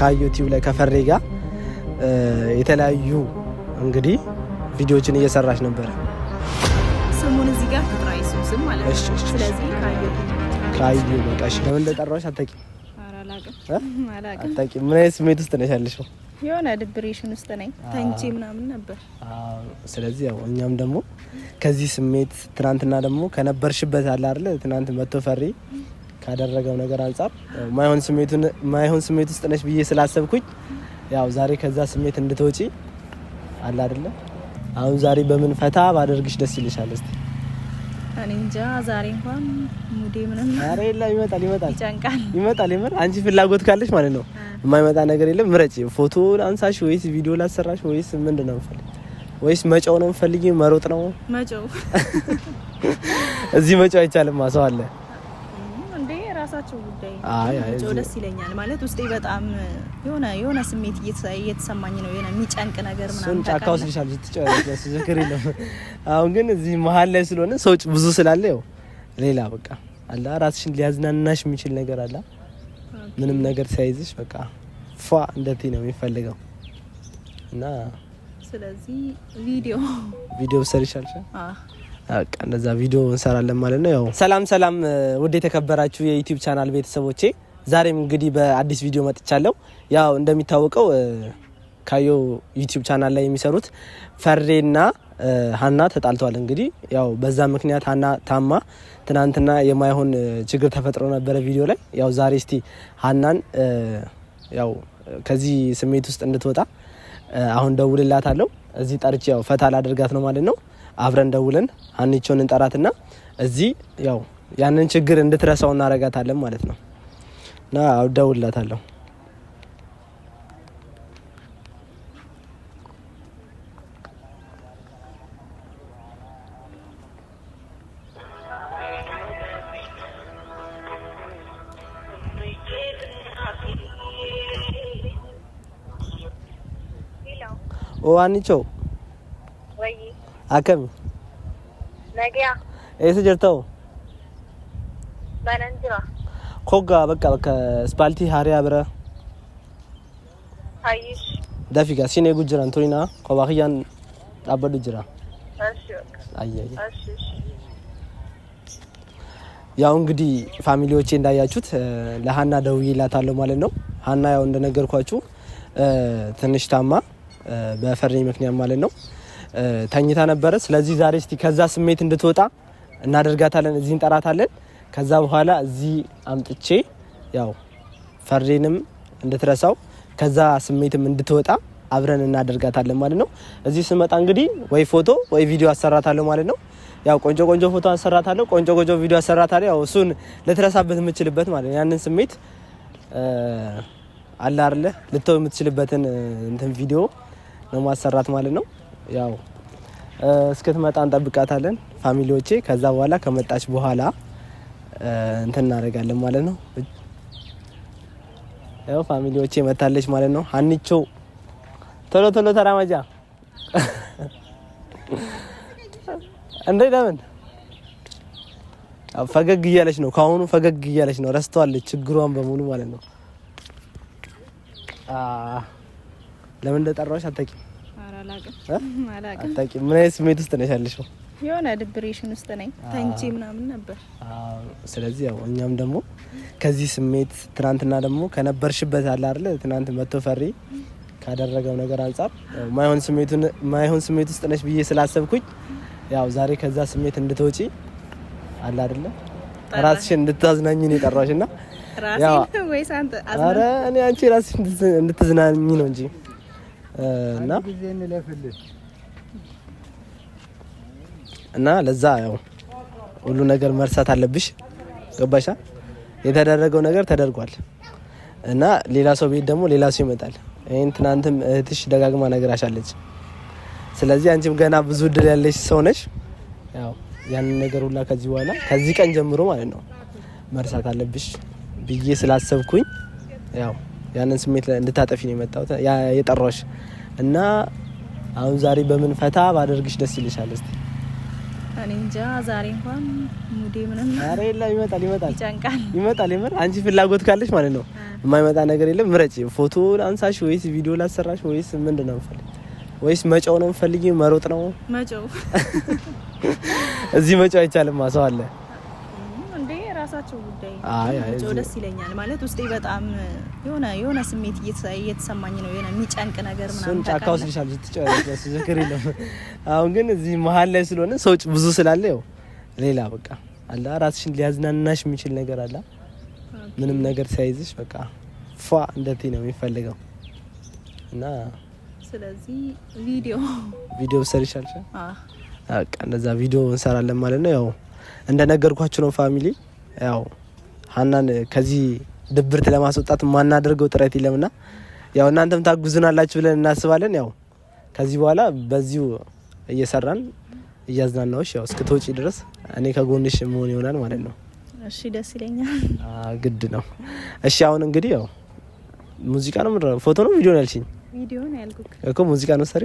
ከዩቲዩብ ላይ ከፈሬ ጋር የተለያዩ እንግዲህ ቪዲዮዎችን እየሰራች ነበረ። ስሙን እዚህ ጋር ስለዚህ ለምን እንደጠራሁሽ አታውቂም? ምን አይነት ስሜት ውስጥ ነሽ ያለሽው? የሆነ ውስጥ ነኝ። ምናምን ነበር። ስለዚህ ያው እኛም ደግሞ ከዚህ ስሜት ትናንትና ደግሞ ከነበርሽበት አለ አይደለ? ትናንት መቶ ፈሪ ካደረገው ነገር አንጻር ማይሆን ስሜቱን ማይሆን ስሜት ውስጥ ነሽ ብዬ ስላሰብኩኝ ያው ዛሬ ከዛ ስሜት እንድትወጪ አለ አይደለ? አሁን ዛሬ በምን ፈታ ባደርግሽ ደስ ይልሻል? እስቲ እኔ እንጃ። ዛሬ እንኳን ሙዴ ምንም ዛሬ ላይ ይመጣል ይመጣል ይመጣል ይመጣል። አንቺ ፍላጎት ካለሽ ማለት ነው የማይመጣ ነገር የለም። ምረጪ። ፎቶ አንሳሽ ወይስ ቪዲዮ ላሰራሽ ወይስ ምንድን ነው የምፈልግ? ወይስ መጫው ነው የምፈልጊ? መሮጥ ነው መጫው። እዚህ መጫው አይቻልም። ሰው አለ የራሳቸው ጉዳይ ነው። ደስ ይለኛል ማለት ውስጤ በጣም የሆነ የሆነ ስሜት እየተሰማኝ ነው። የሆነ የሚጨንቅ ነገር ምናምን ጫካ ወስድሻል ስትጨርስ ችግር የለም። አሁን ግን እዚህ መሀል ላይ ስለሆነ ሰው ብዙ ስላለ ው ሌላ በቃ አለ ራስሽን ሊያዝናናሽ የሚችል ነገር አለ። ምንም ነገር ሳይዝሽ በቃ ፏ እንደቴ ነው የሚፈልገው እና ስለዚህ ቪዲዮ ቪዲዮ ሰርሻልሻ እንደዛ ቪዲዮ እንሰራለን ማለት ነው። ያው ሰላም ሰላም፣ ውድ የተከበራችሁ የዩቲዩብ ቻናል ቤተሰቦቼ ዛሬም እንግዲህ በአዲስ ቪዲዮ መጥቻለሁ። ያው እንደሚታወቀው ካዮ ዩቲዩብ ቻናል ላይ የሚሰሩት ፈሬና ሀና ተጣልተዋል። እንግዲህ ያው በዛ ምክንያት ሀና ታማ ትናንትና የማይሆን ችግር ተፈጥሮ ነበረ ቪዲዮ ላይ። ያው ዛሬ እስቲ ሀናን ያው ከዚህ ስሜት ውስጥ እንድትወጣ አሁን አለው እዚህ ጠርቼ ያው ፈታ ላደርጋት ነው ማለት ነው። አብረን ደውለን ሀኒቾን እንጠራትና እዚህ ያው ያንን ችግር እንድትረሳው እናረጋታለን ማለት ነው። እና ደውላታለሁ። ኦ አከም ነገያ እዚህ ጀርተው ባለንጅራ ኮጋ በቃ በቃ ስፓልቲ ሃሪያ ብረ አይሽ ዳፊጋ ሲኔ ጉጅራን ቱሪና ኮባኺያን አበዱ ጅራ አይሽ ያው እንግዲህ ፋሚሊዎች እንዳያችሁት ለሀና ደውዬ ላታለሁ ማለት ነው። ሀና ያው እንደነገርኳችሁ ትንሽ ታማ በፈረኝ ምክንያት ማለት ነው። ተኝታ ነበረ። ስለዚህ ዛሬ እስቲ ከዛ ስሜት እንድትወጣ እናደርጋታለን። እዚህ እንጠራታለን። ከዛ በኋላ እዚህ አምጥቼ ያው ፈሬንም እንድትረሳው ከዛ ስሜትም እንድትወጣ አብረን እናደርጋታለን ማለት ነው። እዚህ ስመጣ እንግዲህ ወይ ፎቶ ወይ ቪዲዮ አሰራታለሁ ማለት ነው። ያው ቆንጆ ቆንጆ ፎቶ አሰራታለሁ፣ ቆንጆ ቆንጆ ቪዲዮ አሰራታለሁ። ያው እሱን ልትረሳበት የምችልበት ማለት ነው። ያንን ስሜት አለ አይደለ ልተው የምትችልበትን እንትን ቪዲዮ ነው ማሰራት ማለት ነው። ያው እስክትመጣ እንጠብቃታለን ፋሚሊዎቼ። ከዛ በኋላ ከመጣች በኋላ እንትን እናደርጋለን ማለት ነው። ያው ፋሚሊዎቼ መታለች ማለት ነው። አንቾ ቶሎ ቶሎ ተራመጃ እንዴ! ለምን ፈገግ እያለች ነው? ከአሁኑ ፈገግ እያለች ነው። ረስተዋለች ችግሯን በሙሉ ማለት ነው። ለምን እንደጠራዎች አታውቂም። አላውቅም። ምን አይነት ስሜት ውስጥ ነሽ ያለሽው? የሆነ ዲፕሬሽን ውስጥ ነኝ። ተንቼ ምናምን ነበር። ስለዚህ ያው እኛም ደግሞ ከዚህ ስሜት ትናንትና ደግሞ ከነበርሽበት አለ አይደለ ትናንት መቶ ፈሪ ካደረገው ነገር አንጻር ማይሆን ስሜቱን ማይሆን ስሜት ውስጥ ነሽ ብዬ ስላሰብኩኝ ያው ዛሬ ከዛ ስሜት እንድትወጪ አለ አይደለ ራስሽን እንድታዝናኝ ነው የጠራሽ እና ወይስ አንተ አዝናኝ? እኔ አንቺ ራስሽ እንድትዝናኝ ነው እንጂ እና እና ለዛ ያው ሁሉ ነገር መርሳት አለብሽ። ገባሻ? የተደረገው ነገር ተደርጓል እና ሌላ ሰው ቤት ደግሞ ሌላ ሰው ይመጣል። ይህን ትናንትም እህትሽ ደጋግማ ነግራሻለች። ስለዚህ አንቺም ገና ብዙ እድል ያለሽ ሰው ነሽ። ያው ያንን ነገር ሁላ ከዚህ በኋላ ከዚህ ቀን ጀምሮ ማለት ነው መርሳት አለብሽ ብዬ ስላሰብኩኝ ያው ያንን ስሜት እንድታጠፊ ነው የመጣሁት የጠራሁሽ እና አሁን ዛሬ በምን ፈታ ባደርግሽ ደስ ይልሻል? እስቲ እኔ እንጃ ዛሬ እንኳን ሙዴ ምንም ኧረ የለም። ይመጣል ይመጣል ይጨንቃል ይመጣል ይመጣል። አንቺ ፍላጎት ካለሽ ማለት ነው የማይመጣ ነገር የለም። ምረጭ። ፎቶ ላንሳሽ ወይስ ቪዲዮ ላሰራሽ ወይስ ምንድን ነው የምፈልግ? ወይስ መጫው ነው የምፈልጊ? መሮጥ ነው መጫው። እዚህ መጫው አይቻልም። ሰው አለ የራሳቸው ጉዳይ ነው። ደስ ይለኛል ማለት ውስጤ በጣም የሆነ የሆነ ስሜት እየተሰማኝ ነው። የሆነ የሚጨንቅ ነገር ምናምን ጫካ ወስድሻል ስትጨርስ ችግር የለም። አሁን ግን እዚህ መሀል ላይ ስለሆነ ሰው ብዙ ስላለ ው ሌላ በቃ አለ ራስሽን ሊያዝናናሽ የሚችል ነገር አለ። ምንም ነገር ሲያይዝሽ በቃ ፏ እንደቴ ነው የሚፈልገው እና ስለዚህ ቪዲዮ ቪዲዮ ሰርሻል። በቃ እንደዛ ቪዲዮ እንሰራለን ማለት ነው። ያው እንደነገርኳችሁ ነው ፋሚሊ ያው ሀናን ከዚህ ድብርት ለማስወጣት ማናደርገው ጥረት የለምና ያው እናንተም ታግዙናላችሁ ብለን እናስባለን። ያው ከዚህ በኋላ በዚሁ እየሰራን እያዝናናዎች ያው እስክትወጪ ድረስ እኔ ከጎንሽ መሆን ይሆናል ማለት ነው። እሺ ደስ ይለኛል። ግድ ነው። እሺ አሁን እንግዲህ ያው ሙዚቃ ነው ምድ ፎቶ ነው ቪዲዮ ነው ያልሽኝ? ቪዲዮ ነው ያልኩት እኮ ሙዚቃ ነው ሰሪ።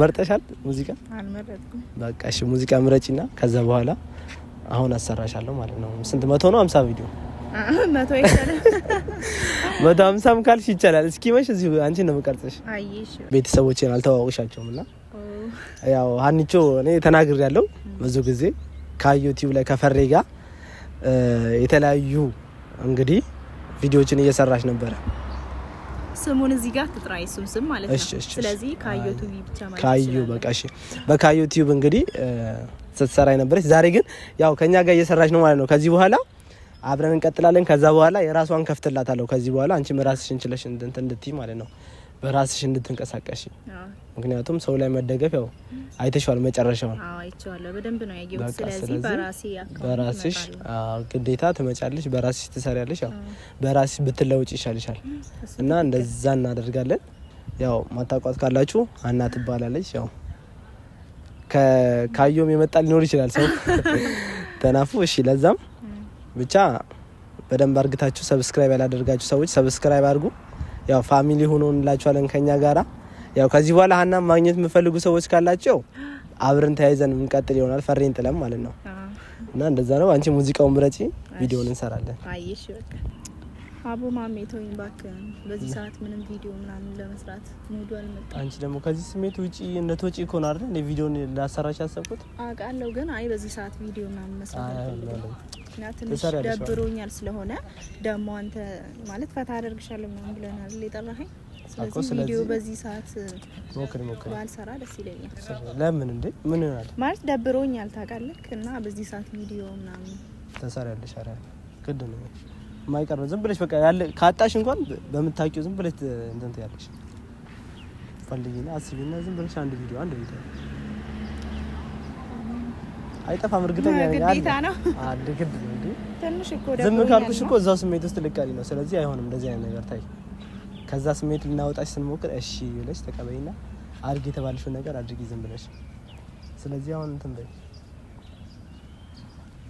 መርጠሻል? ሙዚቃ አልመረጥኩም። በቃ እሺ ሙዚቃ ምረጭና ከዛ በኋላ አሁን አሰራሻለሁ ማለት ነው። ስንት መቶ ነው? ሀምሳ ቪዲዮ መቶ ይቻላል። መቶ ሀምሳም ካልሽ ይቻላል። እስኪ መሽ እዚህ አንቺ ነው የምቀርጽሽ። ቤተሰቦቼን አልተዋወቅሻቸውም እና ያው ሀኒቾ እኔ ተናግር ያለው ብዙ ጊዜ ከዩቲዩብ ላይ ከፈሬ ጋር የተለያዩ እንግዲህ ቪዲዮዎችን እየሰራች ነበረ። ስሙን እዚህ ጋር ትጥራይ የሱም ስም ማለት ነው። ስለዚህ ከዩቲዩብ ብቻ ማለት ነው። በቃ እሺ፣ በካዩቲዩብ እንግዲህ ስትሰራ የነበረች ዛሬ ግን ያው ከኛ ጋር እየሰራች ነው ማለት ነው። ከዚህ በኋላ አብረን እንቀጥላለን። ከዛ በኋላ የራሷን ከፍትላታለሁ። ከዚህ በኋላ አንቺም ራስሽ እንችለሽ እንድትይ ማለት ነው በራስሽ እንድትንቀሳቀሽ ምክንያቱም ሰው ላይ መደገፍ ያው አይተሽዋል፣ መጨረሻውን በራስሽ ግዴታ ትመጫለሽ፣ በራስሽ ትሰሪያለሽ። ያው በራስሽ ብትለውጭ ይሻልሻል እና እንደዛ እናደርጋለን። ያው ማታቋት ካላችሁ አና ትባላለች ያው ካየውም የመጣ ሊኖር ይችላል ሰው ተናፉ። እሺ ለዛም ብቻ በደንብ አርግታችሁ ሰብስክራይብ ያላደርጋችሁ ሰዎች ሰብስክራይብ አድርጉ። ያው ፋሚሊ ሆኖ እንላችኋለን ከኛ ጋራ። ያው ከዚህ በኋላ ሀና ማግኘት የምፈልጉ ሰዎች ካላቸው አብረን ተያይዘን የምንቀጥል ይሆናል። ፈሬን ጥለም ማለት ነው እና እንደዛ ነው። አንቺ ሙዚቃውን ምረጪ፣ ቪዲዮን እንሰራለን። አቦ ማሜ ተወኝ እባክህ፣ በዚህ ሰዓት ምንም ቪዲዮ ምናምን ለመስራት ሙዱ አልመጣም። አንቺ ደግሞ ከዚህ ስሜት ውጪ እንደተወጪ እኮ ነው አይደል? ቪዲዮን ላሰራሽ ያሰብኩት አውቃለሁ፣ ግን አይ በዚህ ሰዓት ቪዲዮ ምናምን መስራት አልፈልግም። ትንሽ ደብሮኛል ስለሆነ ደግሞ አንተ ማለት ፈታ አደርግሻለሁ ምናምን ብለናል የጠራኸኝ። ስለዚህ ቪዲዮ በዚህ ሰዓት ሞክር ሞክር ባልሰራ ደስ ይለኛል። ለምን እንዴ? ምን ይሆናል ማለት ደብሮኛል ታውቃለህ፣ እና በዚህ ሰዓት ቪዲዮ ምናምን ተሰራ ያለሽ ኧረ ግድ ነው ማይቀር ነው። ዝም ብለሽ በቃ ያለ ካጣሽ እንኳን በምታውቂው ዝም ብለሽ እንትን ትያለሽ። ፈልጊና አስቢና ዝም ብለሽ አንድ ቪዲዮ አንድ ቪዲዮ አይጠፋም። እርግጠኛ ነው አንድ ግድ ነው እንዴ ትንሽ እኮ ደግሞ ዝም ካልኩሽ እኮ እዛው ስሜት ውስጥ ልቀሪ ነው። ስለዚህ አይሆንም እንደዚህ አይነት ነገር ታይ ከዛ ስሜት ልናወጣሽ ስንሞክር እሺ ብለሽ ተቀበይና አድርጊ የተባልሽውን ነገር አድርጊ ዝም ብለሽ። ስለዚህ አሁን እንትን በይ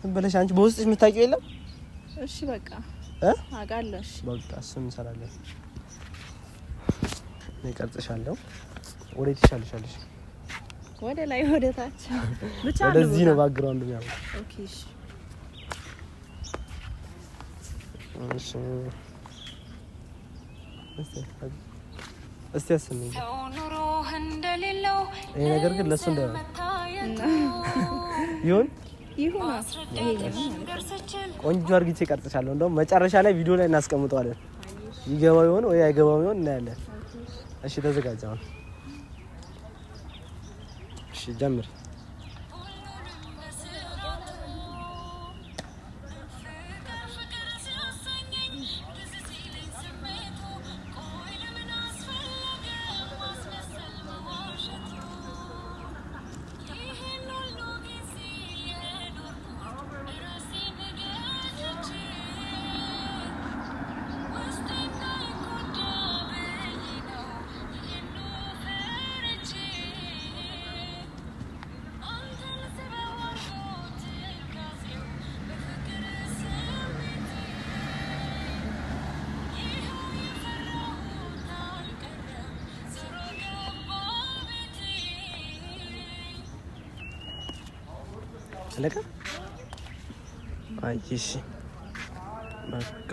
ዝም ብለሽ አንቺ በውስጥሽ የምታውቂው የለም። እሺ በቃ በቃ እሱን እንሰራለን። እኔ ቀርጽሻለሁ። ወዴት ይሻልሻለሽ? ወደ ላይ ወደ ታች ብቻ ነው። ወደዚህ ነው ኦኬ እሺ፣ እስቲ ይሄ ነገር ግን ለሱ እንደ ይሁን ቆንጆ አርግቼ ቀርጽሻለሁ። እንደውም መጨረሻ ላይ ቪዲዮ ላይ እናስቀምጠዋለን። ይገባው ይሆን ወይ አይገባው ይሆን እናያለን። እሺ ተዘጋጀው። እሺ ጀምር። እሺ በቃ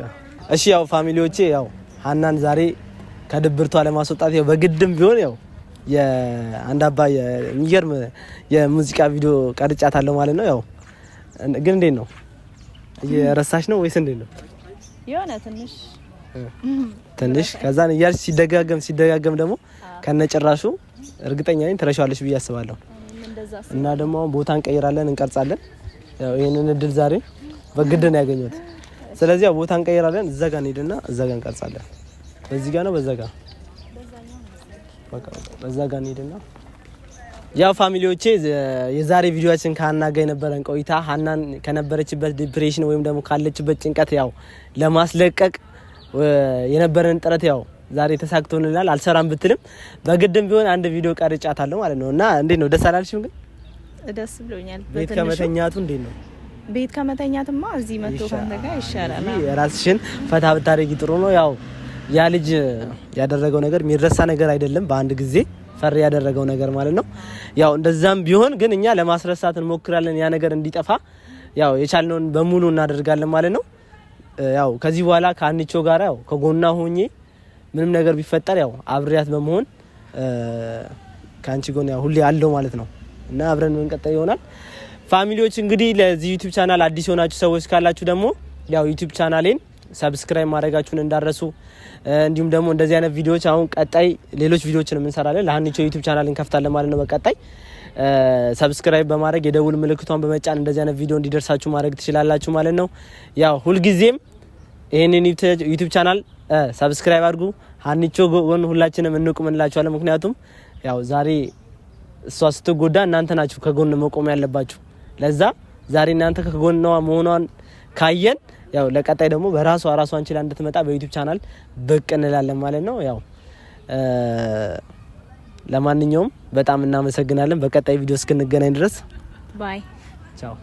እሺ። ያው ፋሚሊዎቼ ያው ሀናን ዛሬ ከድብርቷ ለማስወጣት ያው በግድም ቢሆን ያው የአንድ አባ የሚገርም የሙዚቃ ቪዲዮ ቀርጫታለሁ ማለት ነው። ያው ግን እንዴት ነው እየረሳሽ ነው ወይስ እንዴት ነው? የሆነ ትንሽ ትንሽ ከዛን እያልሽ ሲደጋገም ሲደጋገም ደግሞ ከነጭራሹ እርግጠኛ ነኝ ትረሻዋለሽ ብዬ አስባለሁ። እና ደግሞ አሁን ቦታ እንቀይራለን፣ እንቀርጻለን። ይሄንን እድል ዛሬ በግድ ነው ያገኘሁት። ስለዚህ ቦታ እንቀይራለን። እዛ ጋር እንሄድና እዛ ጋር እንቀርጻለን። በዚህ ጋር ነው በዛ ጋ በዛ ጋ እንሄድና ያው ፋሚሊዎቼ የዛሬ ቪዲዮችን ከሀና ጋር የነበረን ቆይታ ሀናን ከነበረችበት ዲፕሬሽን ወይም ደግሞ ካለችበት ጭንቀት ያው ለማስለቀቅ የነበረን ጥረት ያው ዛሬ ተሳክቶንላል አልሰራም ብትልም በግድም ቢሆን አንድ ቪዲዮ ቀርጫታለሁ ማለት ነው። እና እንዴት ነው ደስ አላልሽም? ግን ደስ ብሎኛል። ቤት ከመተኛቱ እንዴት ነው? ቤት ከመተኛትማ እዚህ መጥቶ ካንተ ጋር ይሻላል። ራስሽን ፈታ ብታደርጊ ጥሩ ነው። ያው ያ ልጅ ያደረገው ነገር የሚረሳ ነገር አይደለም። በአንድ ጊዜ ፈሪ ያደረገው ነገር ማለት ነው። ያው እንደዛም ቢሆን ግን እኛ ለማስረሳት እንሞክራለን። ያ ነገር እንዲጠፋ ያው የቻልነውን በሙሉ እናደርጋለን ማለት ነው። ያው ከዚህ በኋላ ከአንቾ ጋር ያው ከጎና ሆኜ ምንም ነገር ቢፈጠር ያው አብሬያት በመሆን ከአንቺ ጎን ያው ሁሌ አለው ማለት ነው እና አብረን መንቀጠል ይሆናል። ፋሚሊዎች እንግዲህ ለዚህ ዩቲዩብ ቻናል አዲስ የሆናችሁ ሰዎች ካላችሁ ደግሞ ያው ዩቲዩብ ቻናሌን ሰብስክራይብ ማድረጋችሁን እንዳረሱ እንዲሁም ደግሞ እንደዚህ አይነት ቪዲዮዎች አሁን ቀጣይ ሌሎች ቪዲዮዎችን እንሰራለን። ለሀኒቾ ዩቲዩብ ቻናል እንከፍታለን ማለት ነው በቀጣይ ሰብስክራይብ በማድረግ የደውል ምልክቷን በመጫን እንደዚህ አይነት ቪዲዮ እንዲደርሳችሁ ማድረግ ትችላላችሁ ማለት ነው። ያው ሁልጊዜም ይህንን ዩቱብ ቻናል ሰብስክራይብ አድርጉ። ሀኒቾ ጎን ሁላችንም እንቁም ምክንያቱም ያው ዛሬ እሷ ስትጎዳ እናንተ ናችሁ ከጎን መቆም ያለባችሁ። ለዛ ዛሬ እናንተ ከጎኗ መሆኗን ካየን ያው ለቀጣይ ደግሞ በራሷ ራሷን ችላ እንድትመጣ በዩቱብ ቻናል ብቅ እንላለን ማለት ነው። ያው ለማንኛውም በጣም እናመሰግናለን። በቀጣይ ቪዲዮ እስክንገናኝ ድረስ ባይ ቻው።